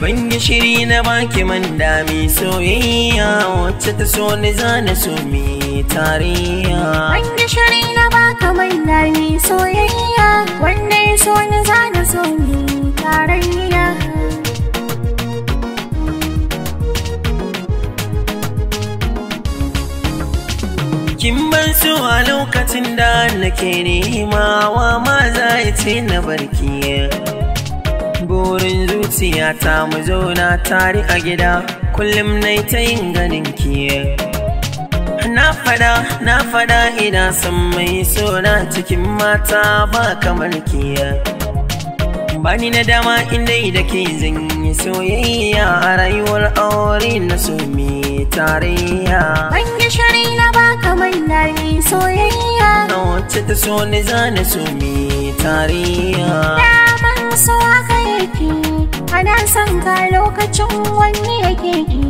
ban gishiri na baki man dami soyayya wacce ta so ni zana so mi tariya ban gishiri na baka man dami soyayya wanda ya so ni zana so mi tariya. Kin ban su a lokacin da nake nema wa ma za ya ce na barki zuciya ta mu zauna tare a gida kullum na ta yin ganin ki na fada na fada ina son mai sona cikin mata ba kamar ki bani na dama inda da ke zan yi soyayya a rayuwar aure na so me tarayya ban gishiri na ba kamar na yi soyayya na wacce ta so ni za na so me tarayya ka lokacin wani yake ki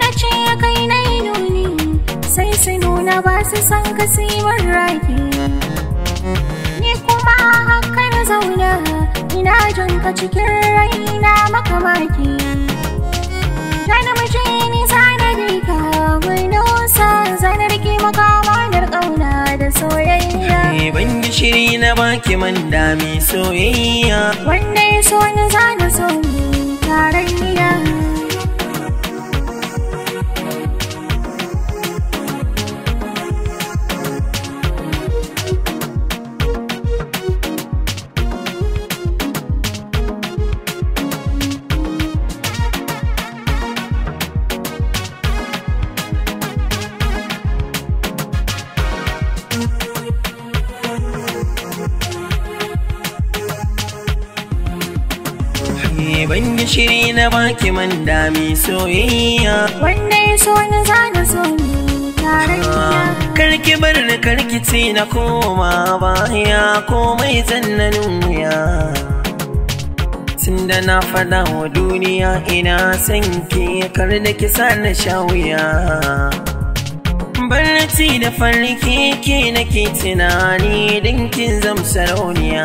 na ce ya kai na yi nuni sai su nuna ba su san ka siwar raki ni kuma haka na zauna ina jin ka cikin raina makamaki na mace ni zanari ka wani nusa zanar ki makamanar ƙauna da soyayya shiri na baki mandami soyayya wanda ya so ni zana so ni ban gishiri na baki man dami soyayya wanda ya so ni na so tare ah, karki bar ni karki ce na koma baya komai zannanin wuya tunda na fada wa duniya ina san ki kar da kisa na sha wuya barci da farki ke nake tunani dinkin zamsarauniya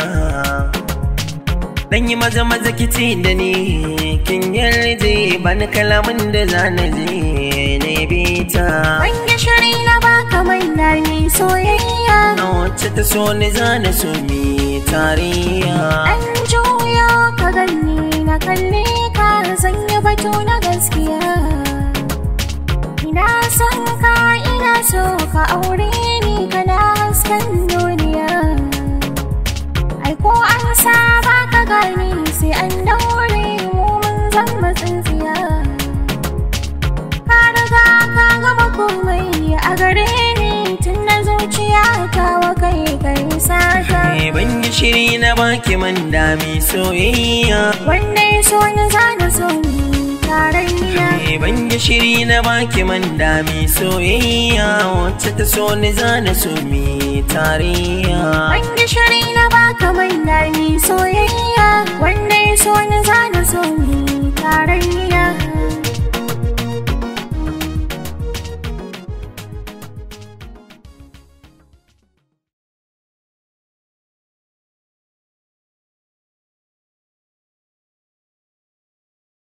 dan yi maza maza kici da ni kin yarje ban kalamin da zana je ne bita an shiri na baka mai ni soyayya na ta so ni zana so mi tariya an juya ka ganni na kalle ka zan bato na gaskiya ina son ka ina so ka aure ni kana hasken baki man dami soyayya wanda ya so na zana so ni tarayya eh, ban shiri na baki man dami soyayya wacce ta so ni zana so mi tarayya ban shiri na baka man dami soyayya wanda ya so na zana so ni tarayya